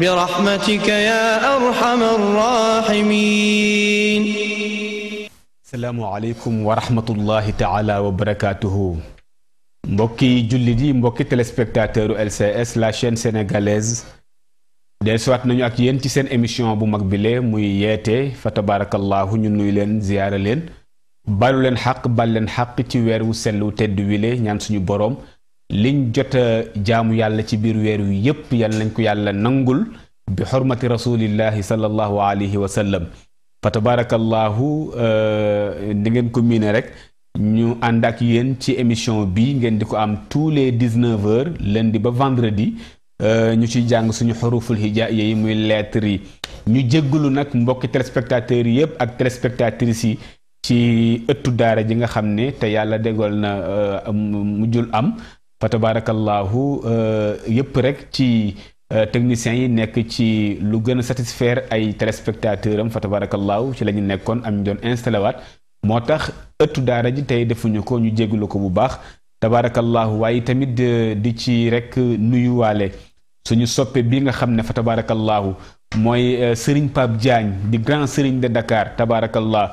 برحمتك يا أرحم الراحمين السلام عليكم ورحمة الله تعالى وبركاته مبكي جلدي مبكي تلسبكتاتر LCS لا شين سنغاليز دل سوات نيو اك ينتي سن اميشيون بو مقبلة مي ياتي فتبارك الله نيو لين زيارة لين بلو لين حق بل لين حق تي ويرو سلو تدويلة نيان سنو بروم liñ jot jaamu yàlla ci biir weer wi yépp yal nañ ko yàlla nangul bi xormati rasulillahi sallallahu alayhi wa sallam fa tabarakallahu di euh, ngeen ko miine rek ñu ànd ak yéen ci émission bi ngeen di ko am tous les dix-neuf heures lundi ba vendredi euh, ñu ci jàng suñu xuruful hijaa yi muy lettres yi ñu jéggalu nag mbokki téléspectateurs yi yëpp ak téléspectatrices yi ci ëttu daara ji nga xam ne te yàlla dégool na euh, mujjul am fa tabaarakallaahu euh, yëpp rek ci euh, techniciens yi nekk ci lu gën a satisfaire ay téléspectateurs am fa tabaarakallaahu ci la ñu nekkoon am ñu doon installé waat moo tax ëttu daara ji tey defuñu ko ñu jégalu ko bu baax tabaarakallaahu waaye tamit euh, di ci rek nuyuwaale suñu soppee bi nga xam ne fa tabaarakallaahu mooy Serigne Pape Diagne di grand Serigne de Dakar tabaarakallaahu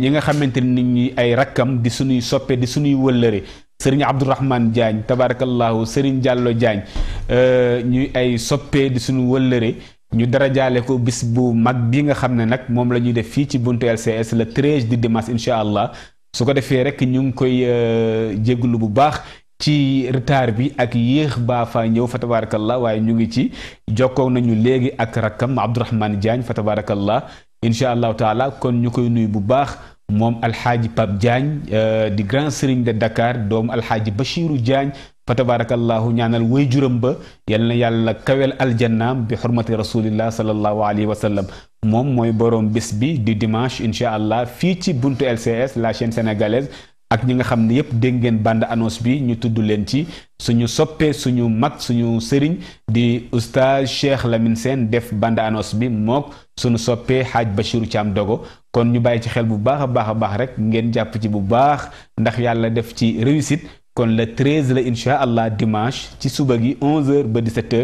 ñi nga xamante ni ñi ay rakkam di suñuy soppe di suñuy wëllëre sëriñ Abdourahmane Diagne tabarakallahu sëriñ Diallo Diagne euh, ñuy ay soppee di suñu wëllëre ñu dara darajaale ko bis bu mag bi nga xam ne nag moom la ñuy def fii ci buntu LCS le treize di dimanche incha allah su ko defee rek ñu ngi koy euh, jéglu bu baax ci retard bi ak yéex baa fa ñëw fa tabarakallah waaye ñu ngi ci jokkoo nañu léegi ak rakkam Abdourahmane Diagne fa tabarakallah incha allahu taala kon ñu koy nuyu bu baax moom alxaaji Pape Diagne euh, di grand sëriñ de dakaar doom alxaaji Bachiru Diagne fa tabarakallahu ñaanal way juram ba yal na yàlla kawel aljannaam bi xurmati rasulillah sallallahu alayhi wa sallam moom mooy boroom bis bi di dimanche incha allah fii ci buntu LCS la chaîne sénégalaise ak ñi nga xam ne yépp dégg ngeen bande annonce bi ñu tudd leen ci suñu soppee suñu mag suñu sëriñ di oustaz Cheikh Lamine Sène def bande annonce bi mook suñu soppee Haaj Bachiru Caam Dogo kon ñu bàyyi ci xel bu baax a baax a baax rek ngeen jàpp ci bu baax ndax yàlla def ci réussite kon le 13 la incha allah dimanche ci suba gi 11h ba 17h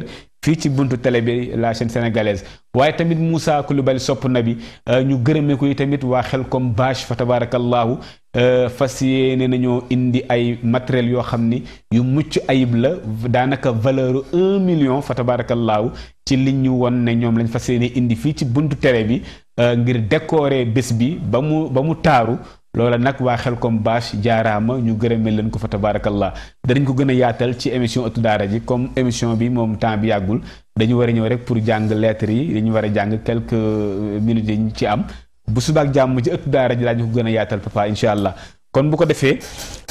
fii ci buntu télé bi la chaîne sénégalaise waaye tamit Moussa Koulibaly sopp na bi euh, ñu gërëmee ko yi tamit waa xel Xelcom bâche fa tabarakallahu euh, fas yéene nañoo indi ay matériel yoo xam ni yu mucc ayib la daanaka valeur un million fa tabarakallahu ci li ñu won ne ñoom lañ fas yee yéene indi fii ci buntu télé bi Euh, ngir décorer bés bi ba mu ba mu taaru loola nag waa xel Xelcom bâche jaaraama ñu gërëme leen ko fa tabaarakallah danañ ko gën a yaatal ci émission ëttu daara ji comme émission bi moom temps bi yàggul dañu war a ñëw rek pour jàng leetre yi dañu war a jàng quelques euh, minutes yi ñu ci am bu subaak jàmm ci ëttu daara ji ñu ko gën a yaatal papa incha allah kon bu ko defee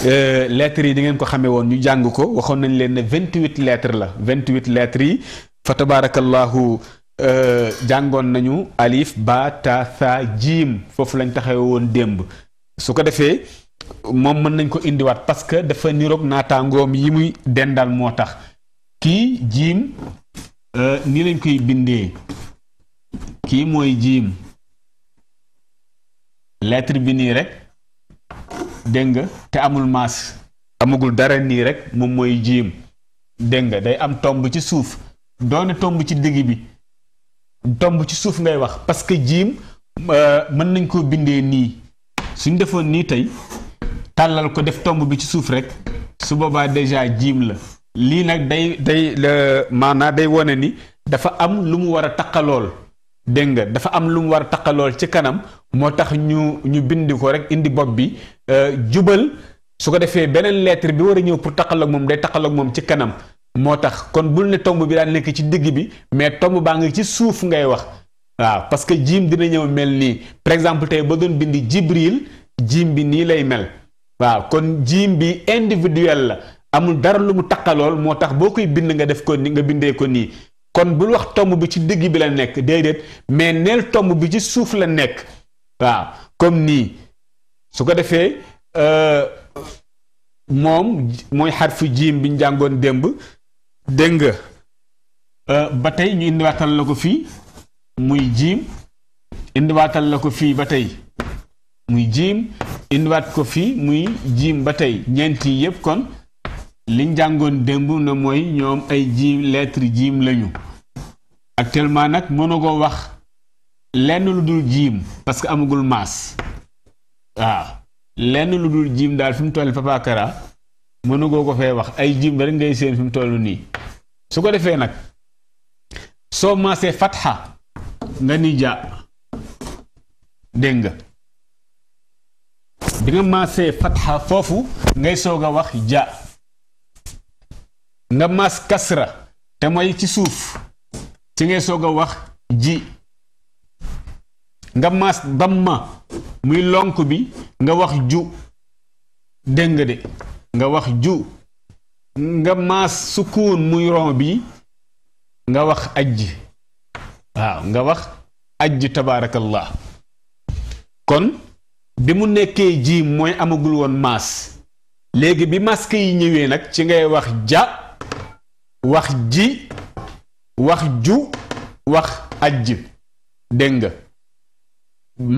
euh, lettres yi di ngeen ko xamee woon ñu jàng ko waxoon nañ leen ne vingt huit leetre la vingt huit lettres yi Euh, jàngoon nañu alif ba ta jiim foofu lañ taxawe woon démb su ko defee moom mën nañ ko indiwaat parce que dafa niroog naataangoom yi muy dendal moo tax kii jiim euh, nii lañ koy bindee kii mooy jiim lettre bi nii rek dégg nga te amul maas amagul dara nii rek moom mooy jiim dégg nga day am tomb ci suuf doone tomb ci digg bi tomb ci suuf ngay wax parce que jiim euh, mën nañ koo bindee nii suñ defoon nii tey tàllal ko def tomb bi ci suuf rek su boobaa déjà jiim la lii nag day day maanaa day wone ni dafa am lu mu war a taqalool dégg nga dafa am lu mu war a taqalool ci kanam moo tax ñu ñu bind ko rek indi bopp bi euh, jubal su ko defee beneen lettre bi war a ñëw pour taqaloog moom day taqaloog moom ci kanam moo tax kon bul ne tomb bi daan nekk ci digg bi mais tomb baa ngi ci suuf ngay wax waaw parce que jiim dina ñëw mel nii par exemple tey ba doon bind jibril jiim bi nii lay mel waaw kon jiim bi individuel la amul dara lu mu taqalool moo tax boo koy bind nga def ko ni nga bindee ko nii kon bul wax tomb bi ci digg bi la nekk déedéet mais neel tomb bi ci suuf la nekk waaw comme nii su ko defee euh, moom mooy xarfu jiim bi ñu jàngoon démb dégg nga euh, ba tey ñu indiwaatal la ko fii muy jiim indiwaatal la ko fii ba tey muy jiim indiwaat ko fii muy jiim ba tey ñeent yi yëpp kon liñ jàngoon démb na mooy ñoom ay jiim lettre jiim lañu actuellement nag mënu ko wax lenn lu dul jiim parce que amagul maas waaw lenn lu dul jiim daal fi mu toll Papa mënu goko ko wax ay jim rek ngay seen fim tollu ni su ko defee nag soo maasee fatha nga ni ja dégg bi nga fatha fofu ngay soga wax ja nga mas kasra te moy ci souf ci ngay soga wax ji nga mas damma muy lonku bi nga wax ju dégg de nga wax ju nga mas sukun muy rom bi nga wax ajj waaw nga wax ajj tabarakallah kon bi mu nekké ji moy amagul won mas légui bi maske yi ñëwé nak ci ngay wax ja wax ji wax ju wax ajj denga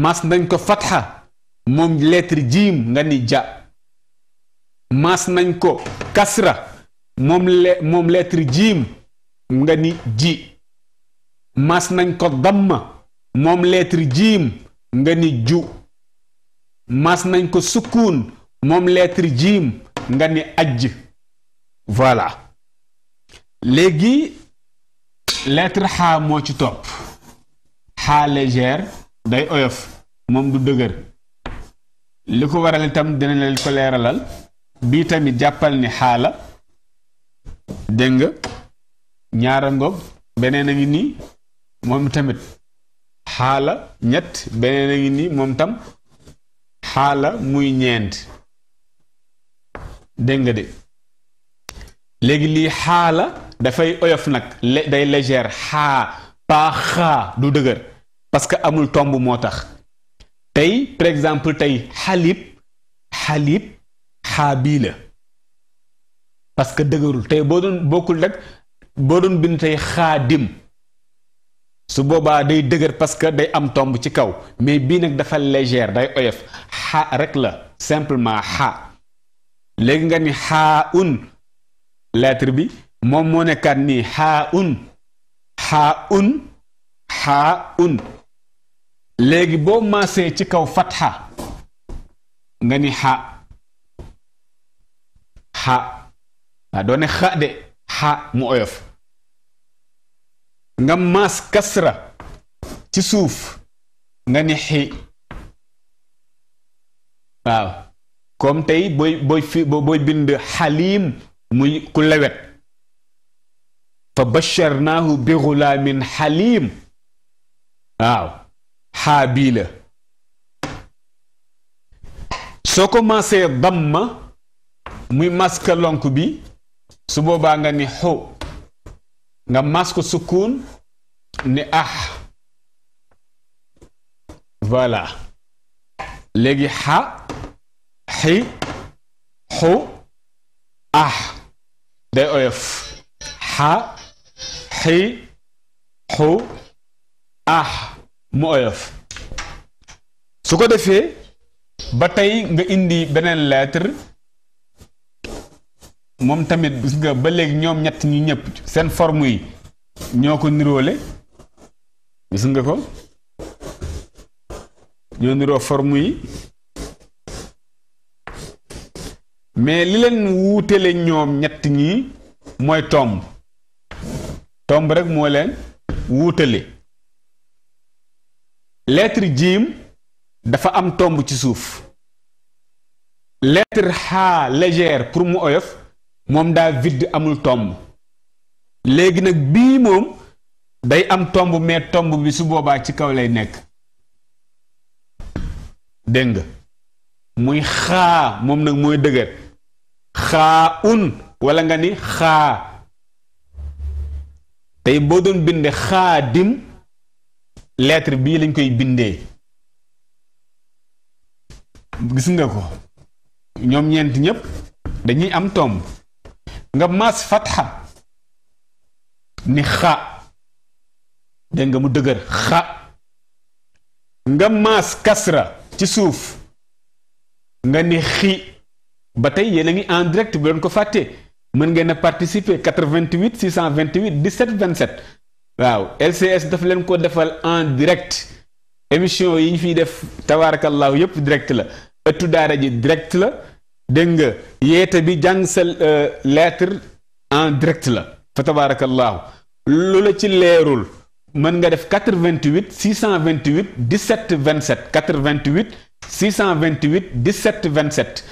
mas nañ ko fatha mom lettre jim nga ni ja maas nañ ko kasra moom le moom jiim nga ni ji maas nañ ko damma moom lettre jiim nga ni ju maas nañ ko sukkuun moom lettre jiim nga ni ajj voilà léegi lettre xaa moo ci topp xaa légère day oyof moom du dëgër li ko waral itam dina leen ko leeralal bii tamit jàppal ni xaala dégg nga ñaara ngoog beneen a ngi nii moom tamit xaala ñett beneen a ngi nii moom tam xaala muy ñeent dégg nga de léegi lii xaala dafay oyof nag day légère xaa paa xaa du dëgër parce que amul tomb moo tax tey par exemple tey xalib xalib xaabiila parce que dëgërul tey boo doon bokkul rek boo doon bind xaa xaadim su boobaa day dëgër parce que day am tomb ci kaw mais bii nag dafa légère day oyof xa rek la simplement xa léegi nga ni xaa un lettre bi moom moo nekkaat nii xaa un xaa un xaa un léegi boo maasee ci kaw fatxa nga ni xa xa waaw xa de xa mu oyof nga maas kasra ci suuf nga ni xi waaw comme tey booy bind xaliim muy ku lewet fa basharnaahu bi xulaamin xaliim waaw xaa bii la soo commencé damma muy maska lonk bi su boobaa nga ni xu nga mask sukkuun ni ah voilà léegi xa xi xu ah day oyof xa xi xu ah mu oyof su ko defee ba tey nga indi beneen leetre moom tamit gis nga ba léegi ñoom ñett ñi ñëpp seen forme yi ñoo ko niroole gis nga ko ñoo niroo forme yi mais li leen wuutele ñoom ñett ñi mooy tomb tomb rek moo leen wuutale lettre jiim dafa am tomb ci suuf lettre xaa leger pour mu oyof moom daa vide amul tomb léegi nag bii moom day am tomb mais tomb bi su boobaa ci kaw lay nekk dégg nga muy xaa moom nag mooy dëgër xaa un walla nga ni xaa tey boo doon binde xaa dim lettre bii lañ koy bindee gis nga ko ñoom ñeent ñépp dañuy am tomb nga maas fatxa ni xa dégg nga mu dëgër xa nga maas kasra ci suuf nga ni xi ba tey yéen a ngi en direct bu leen ko fàtte mën ngeen a participer 88 628 17 27 waaw LCS daf leen ko defal en direct émission yi ñu fiy def tabaarakallahu yëpp direct la ëttu daara ji direct la. dégg nga yeete bi jàng sa euh, lettre en direct la fa tabaarakallaahu lu la ci leerul mën nga def 88 628 17 27 88 628 17 27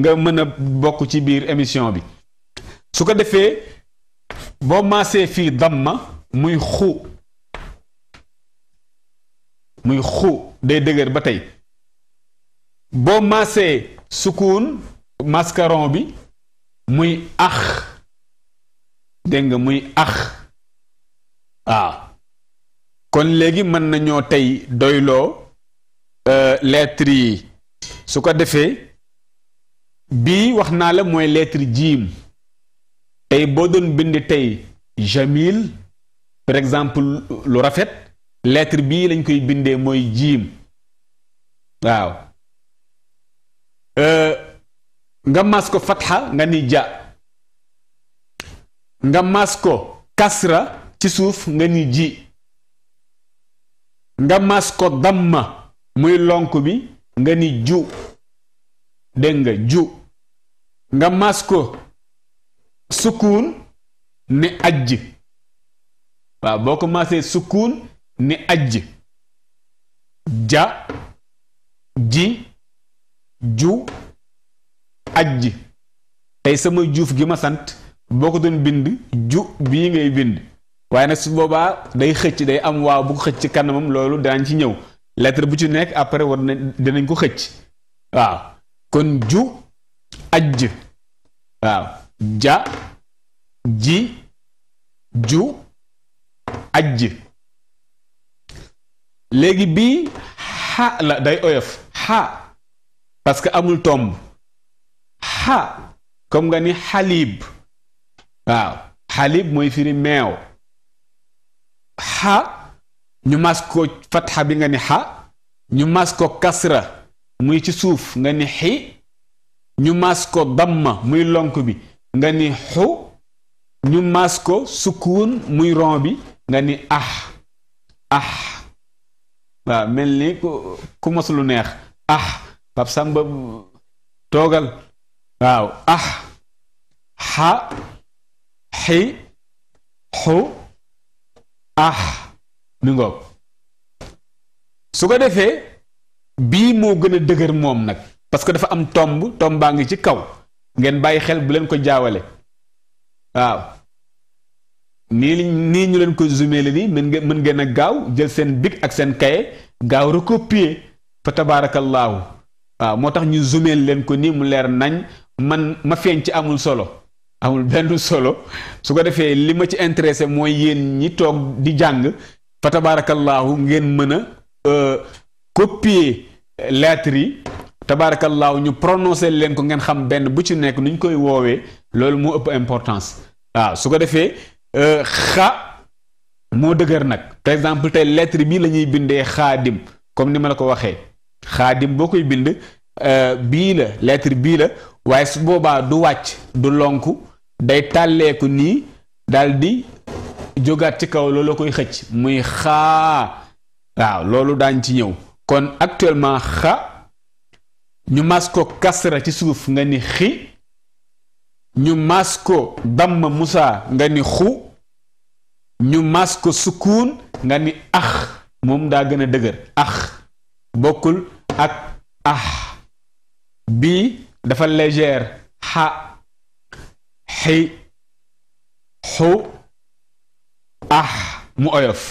nga mën a bokk ci biir émission bi su ko defee boo maasee fii damma muy xu muy xu day dëgër ba tey boo maasee sukuun mascaron bi muy ax dégg nga muy ax waaw kon léegi mën nañoo tey doyloo euh, lettre yi su ko defee bii wax naa la mooy lettre jiim tey boo doon bind tey jamil par exemple lu rafet lettre bii lañ koy bindee mooy jiim waaw euh, nga maas ko fatxa nga ni ja nga maas ko kasra ci suuf nga ni ji nga maas ko damma muy lonk bi nga ni ju dégg nga ju nga mas ko sukkuun ni ajj waaw boo ko maasee sukkuun ni ajj ja ji ju aj ji tey sama juuf gi ma sant boo ko doon bind ju bii ngay bind waaye nag su boobaa day xëcc day am waaw bu ko xëcc ci kanamam loolu daañ ci ñëw lettre bu ci nekk après war na dinañ ko xëcc waaw ju ajj waaw ja ji ju ajj léegi bii xa la day oyof xa parce que amul tomb xa comme nga ni xalib waaw xalib mooy firi meew xa ñu mas ko fatxa bi nga ni xa ñu mas ko kasra muy ci suuf nga ni xi ñu mas ko damma muy lonk bi nga ni xu ñu mas ko sukkuun muy ron bi nga ni ah ah waaw mel ni ku mos lu neex ah Pape toogal waaw ax ah. xa xi xu ax ah. mi ngoog su ko defee bii moo gën a dëgër moom nag parce que dafa am tomb tomb baa ngi ci kaw ngeen bàyyi xel bu leen ko jaawale waaw nii nii ñu leen ko zoomé la nii mën ngeen mën ngeen a gaaw jël seen bic ak seen kaye gaaw recopier fa tabaarakallaahu waaw moo tax ñu zoomé leen ko nii mu leer nañ man ma feeñ ci amul solo amul benn solo su ko defee li ma ci intéressé mooy yéen ñi toog di jàng fa tabaarakallaahu ngeen mën a euh, copier lettres yi tabaarakallaahu ñu prononcé leen ko ngeen xam benn bu ci nekk nu ñu koy woowee loolu moo ëpp importance waaw su ko defee euh, xa moo dëgër nag par exemple tey lettre bii la ñuy bindee xaadim comme ni ma la ko waxee xaadim boo koy bind Euh, bii la lettre bii la waaye su boobaa du wàcc du lonku day tàlleeku nii daldi di jógaat ci kaw loolu koy xëcc muy xaa waaw loolu daañ ci ñëw kon actuellement xa ñu masko ko kasra ci suuf nga ni xi ñu masko ko damm musa nga ni xu ñu mas ko sukkuun nga ni ax moom daa gën a dëgër ax bokkul ak ax ah. bii dafa légère xa xi xu ah mu oyof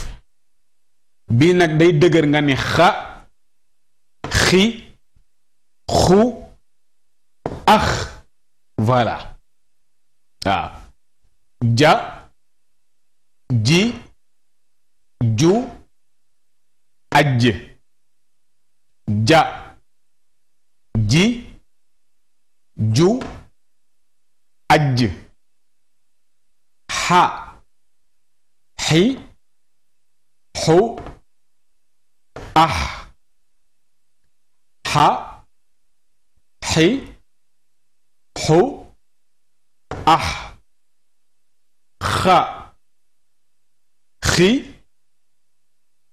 bii nag day dëgër nga ni xa xi xu ax ah, voilà waaw ja ji ju ajj ja ji جو أج ح حي حو أح ح حي حو أح خ خي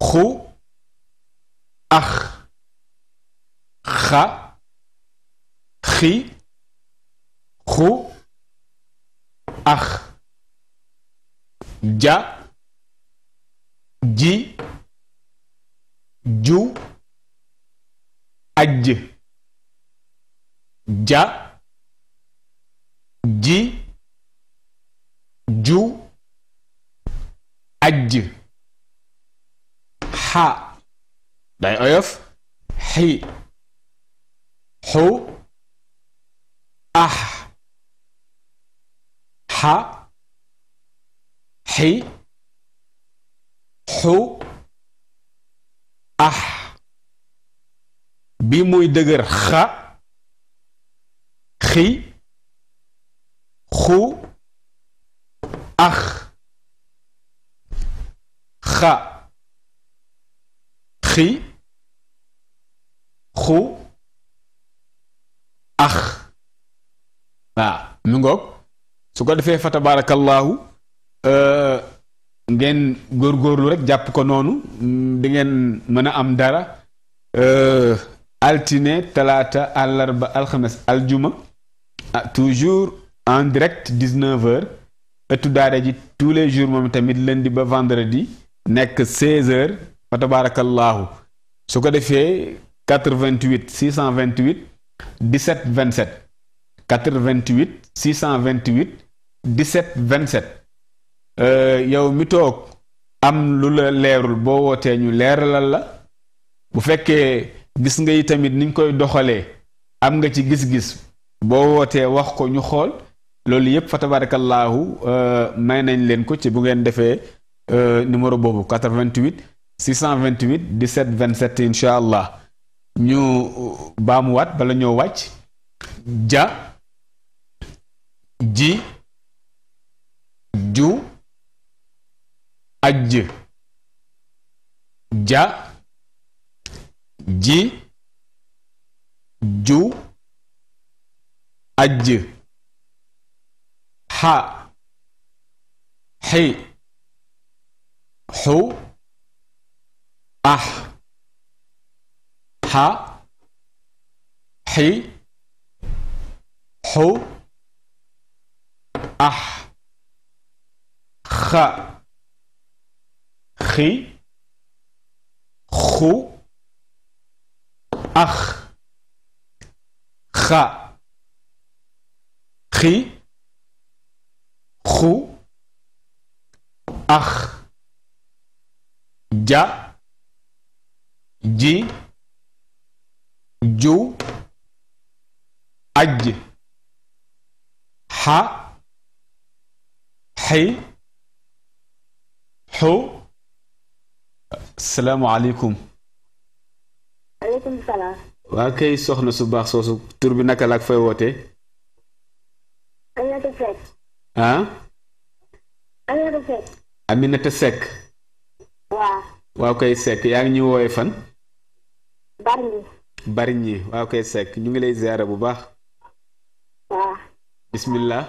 خو أخ خ خي خو أخ جا جي جو أج جا جي جو أج ح داي أيف حي حو أح xa xi xu ax bi muy dëgër xa xi xu ax xa xi xu ax waaw mi ngoog su ko defee fa tabaarakallaahu euh, ngeen góor góorlu rek jàpp ko noonu mm, di ngeen mën a am dara euh, altine talaata àllarba alxames aljuma ah, toujours en direct 19h ëttu daara ji tous les jours moom tamit leen di ba vendredi nekk 16h fa tabaarakallaahu su ko defee 88 628 17 27 88 628. 17 27 euh, yow mi toog am lu la leerul boo wootee ñu leer leeralal la bu fekkee gis nga tamit niñ koy doxalee am nga ci gis-gis boo wootee wax ko ñu xool loolu yëpp fa tabarakallahu euh, may nañ leen ko ci bu ngeen defee euh, numéro boobu vingt 88 628 17 27 incha allah ñu baamuwaat bala ñoo wàcc ja ji ju aj ja ji ju aj ha hi hu ah ha hi hu ah خ خي خو أخ خ خي خو أخ جا جي جو أج ح حي xu. salaamaaleykum. maaleykum waa kay soxna su baax soosu tur bi naka la ak fay wootee. Aminata Seck. ah. Aminata Seck. Aminata Seck. waaw. waaw yaa ngi ñuy woowee fan. Bargny. ñi waaw kay Seck ñu ngi lay ziyaara bu baax. waaw. bismillah.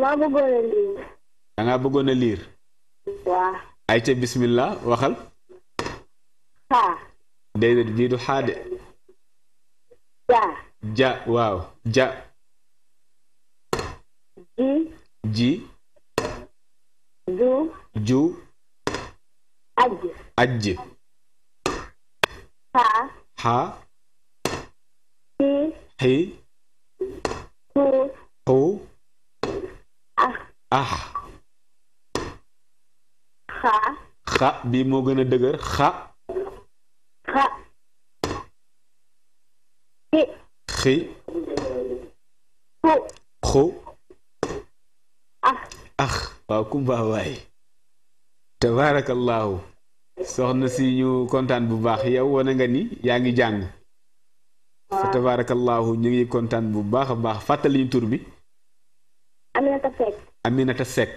maa bëggoon a da nga bëggoon a liir. waaw. ayca bismillah waxal. Ha. déedéet bii du xaade. ja. ja waaw ja. ji. ji. ju. ju. ajj. ajj. Ha. Ha. xii. hi ku ku ah. ah xa xa bi mo gëna dëgër xa xa xi xi xu ah ax ax waaw kumba waay tabarakallahu soxna si ñu contane bu baax yow wona nga ni yaa ngi jàng fa tabarakallah ñu ngi contane bu baax baax fàttali ñu tur bi aminata sek aminata sek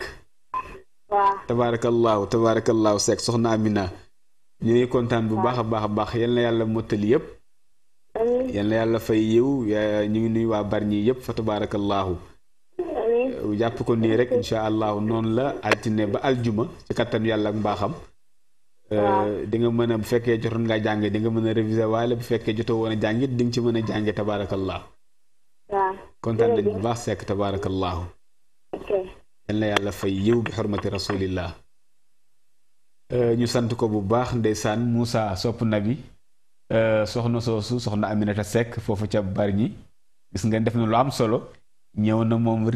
waaw tabaarakallaahu tabaarakallaahu Seck soxna Amina. ñu ngi kontaan bu baax a baax a baax yal yàlla mottali yëpp. yal yàlla fay yiw ñu ngi nuyu waa ñii yëpp fa tabaarakallaahu. Uh, jàpp ko nii rek incha allahu noonu la altine ba aljuma ci kattanu yàlla ak mbaaxam. Uh, di nga mën a bu fekkee joto ngaa jànge di nga mën a réviser waale bu fekkee jotoo woon a jàngit di nga ci mën a jànge tabaarakallaahu. waaw kontaan dañ bu baax Seck tabaarakallaahu. لأن لأن رسول الله لأن لأن لأن موسى لأن لأن لأن لأن لأن لأن لأن لأن لأن لأن لأن لأن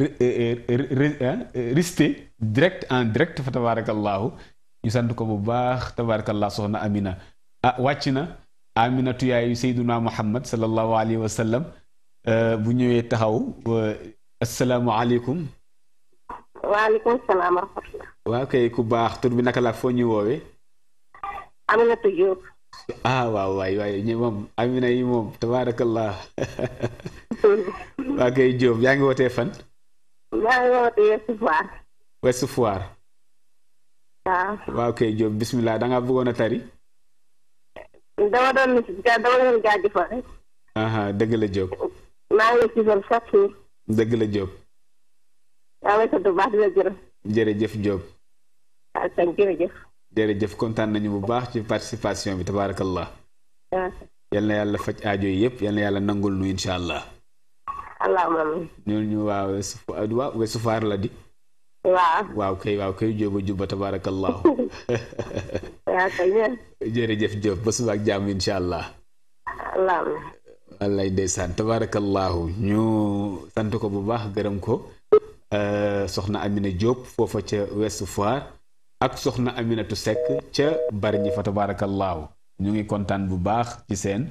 لأن لأن direct لأن direct تبارك الله لأن تبارك الله لأن لأن لأن لأن سيدنا محمد صلى الله عليه وسلم السلام عليكم waaleykum salaam ku baax tur bi naka la foo ñuy woowee. Aminata Diop. ah waaw waay waay ñi moom Amina yi moom tabaarakallah. waaw kay Diop yaa ngi wootee fan. yaa ngi wootee Ouest Foire. Ouest Foire. waaw. waaw kay bismillah da ngaa bëggoon a tari. dama doon dama doon dëgg la Diop. waaw sant bu baax di la gërëm. jërëjëf Diop. waaw ah, kontaan nañu bu baax ci participation bi tabaarakallah. Ah. yal na yàlla faj aajo yëpp yal yàlla nangul nu allah. allahumma ah, la di. waaw waaw kay waaw kay ak jàmm incha allah wallaay sant ko bu baax gërëm ko Euh, soxna Amina Diop foofa ca Ouest Foire ak soxna Aminatu Seck ca Bargny fa tabaarakallaahu ñu ngi kontaan bu baax ci seen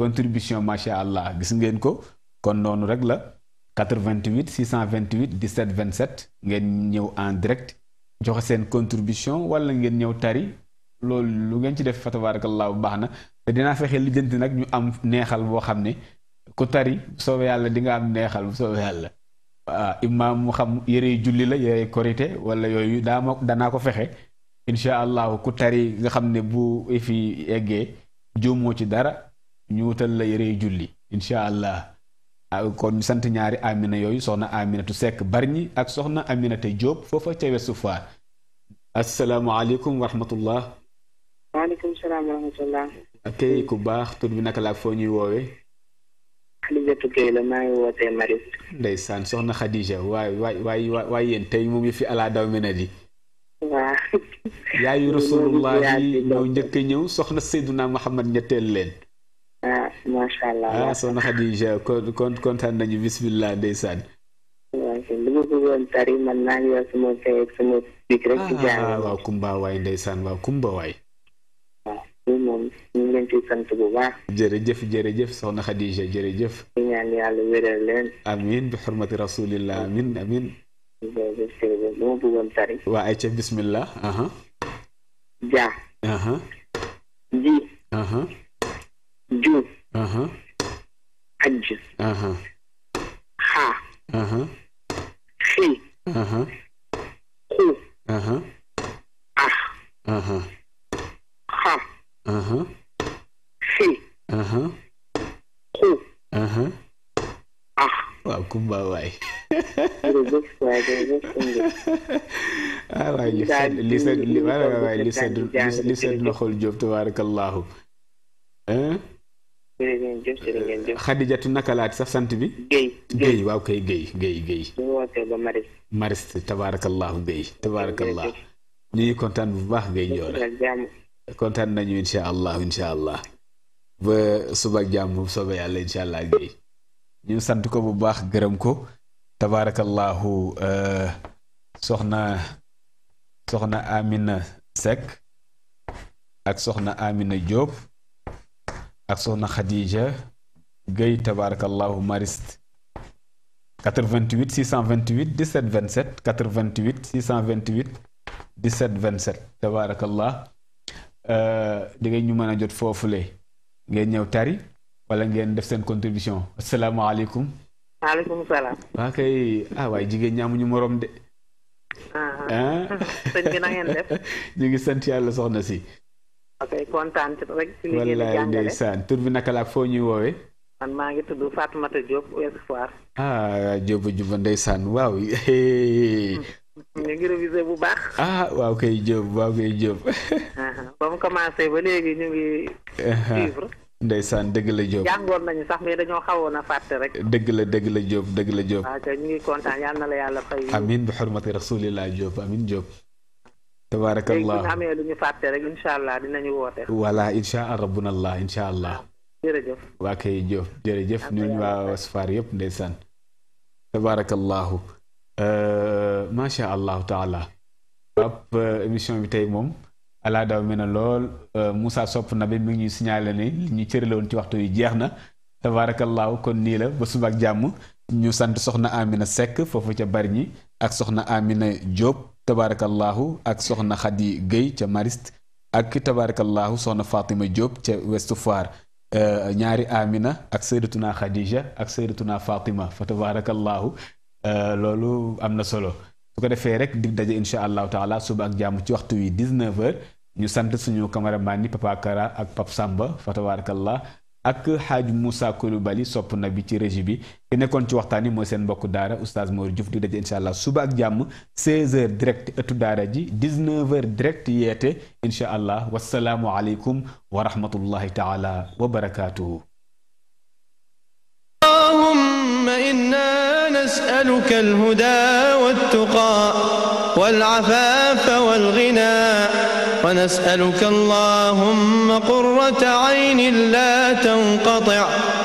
contribution macha allah gis ngeen ko kon noonu rek la 88 628 17 27 ngeen ñëw en direct joxe seen contribution wala ngeen ñëw tari loolu lu ngeen ci def fa tabaarakallaahu baax na te dinaa fexe lijjanti nag ñu am neexal boo xam ne ku tari bu soobee yàlla di nga am neexal bu soobee yàlla. waaw ah, imaam mu xam yërey julli la yërey korité wala yooyu daa ma danaa ko fexe incha allahu ku tari nga xam ne bu fi eggee juumoo ci dara ñu wutal la yërey julli incha allah ah, kon sant ñaari amina yooyu soxna aminatu sekk barñi ak soxna aminata jóob foofa ca wesu faar asalaamaaleykum wa rahmatullah waaleykum ku baax tur bi naka la ak foo ñuy woowee Khadijatu Gueye la maa ngi wootee Maris. ndeysaan soxna Khadija waay waay waay waay yéen tey moom yi ala daw mi na yaayu rasulullah yi ñoo njëkk ñëw soxna Seyduna Muhammad ñetteel leen. ah macha allah. Ah, soxna Khadija kontaan nañu bismillah ndeysaan. Ah, waaw Kumba waay ndeysaan waaw Kumba waay. جريجف جريجف صون جريجف يعني آمين بحرمة رسول الله آمين آمين وأيش بسم الله أها جا أها جي أها جو أها أج أها خا أها خي أها خو أها fi xu ah waaw kumba waay li sedd li sedd na xol Jóob tabaarakallaahu xadijatu naka laati sax sant bi géy waaw kay géy géy géy mariste tabaarakallaahu géy tabaarakallaahu ñu ngi kontaan bu baax géy ñoo la kontaan nañu incha allah allah ba suba ak jàmm bu yàlla incha allah Guèye ñu sant ko bu baax gërëm ko tabaarakallahu euh, soxna soxna Amina Seck ak soxna Amina Diop ak soxna Khadija Guèye tabaarakallahu mariste 88 628 17 27 88 628 vingt 27 tabaarakallah Euh, di ngeen ñu mën a jot foofu le ngeen ñëw tari wala ngeen def seen contribution asalaamaaleykum. maaleykum salaam. waa ah, kay ah waaye jigéen ñaamuñu morom de. Ah. Ah. ñu ngi sant yàlla soxna si. ok kontaan rek ci tur bi naka la ak foo ñuy woowee. man maa ngi tudd Fatoumata Diop Ouest Foire. ah Diop waaw. ñu ngi révisé bu baax. ah waaw kay Diop waaw kay Diop. commencé ba léegi ñu ngi. suivre. ndeysaan dëgg la Diop jàngoon nañu sax mais dañoo xawoon a fàtte rek. dëgg la dëgg la jóob dëgg la Diop. waaw ñu ngi kontaan yal na yàlla fay. amiin bi xurmati rasulillah Diop amiin Diop. tabaarakallah léegi bu ñu amee lu rek incha allah dinañu woote. voilà incha allah rabbuna allah incha allah. jërëjëf waa kay Diop jërëjëf ñooñu waa Wasfar yëpp ndeysaan. tabaarakallahu euh, macha allah taala. Pape euh, émission bi tey moom. alaa daw mi na lool euh, Moussa sopp na bi mi ngi ñuy signalé ni li ñu cërale woon ci waxtu yu jeex na tabaarakallaahu kon nii la ba suba ak jàmm ñu sant soxna Amina sekk foofu ca bari ñi ak soxna Amina jóob tabaarakallaahu ak soxna Khady Guèye ca Mariste ak tabaarakallaahu soxna Fatima jóob ca Ouest Foire euh, ñaari Amina ak Seydatuna Khadija ak Seydatuna Fatima fa tabaarakallaahu euh, loolu am na solo su ko defee rek dig daje incha allahu taala suba ak jàmm ci waxtu ñu sant suñu cameraman ni Papa Kara ak pap Samba fa tabarakallah ak xaaj Moussa Koulibaly sopp na bi ci régie bi ki nekkoon ci waxtaan yi mooy seen daara oustaz Mor Diouf di daje incha suba ak jàmm 16h direct ëttu daara ji 19h direct yeete inshallah wassalamu wasalaamu wa rahmatullahi taala wa barakatuh اللهم انا نسالك الهدى والتقى والعفاف والغنى ونسألك اللهم قرة عين لا تنقطع